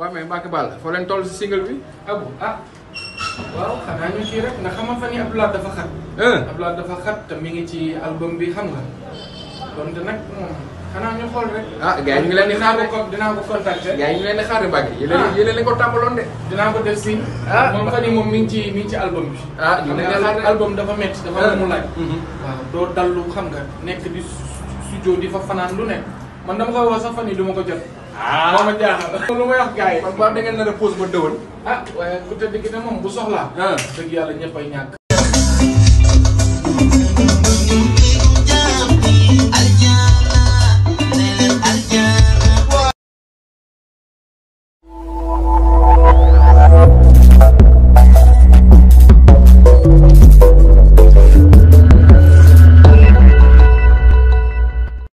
waaw memang Mbacke Ball si single bi. abu ah waaw xanaa ñu kii rek nga xamal fa ni Abdoulaye dafa xat. Eh. Abdoulaye dafa xat te mi ngi ci album bi xam nga donte hmm, ñu rek. ah gars ñu leen di xaar rek dinaa ko contacter. gars ñu leen di xaar Mbacke. ah yéen a ko tàmbaloon de. ko def ah moom fan yii moom mi ngi mi ci album bi. ah ñu leen di xaar album dafa métti dafa mu eh. laaj. Mhm. waaw doo dallu xam nga nekk di studio di fa lu nek man dama ko woo sax fan yi ko jot. ah moo ma jaaxal. lu may wax gay ba kon da ngeen na repose ba déwén. ah waaye ku tedd gi na mom bu soxlaa. deug yalla ñeppay ñak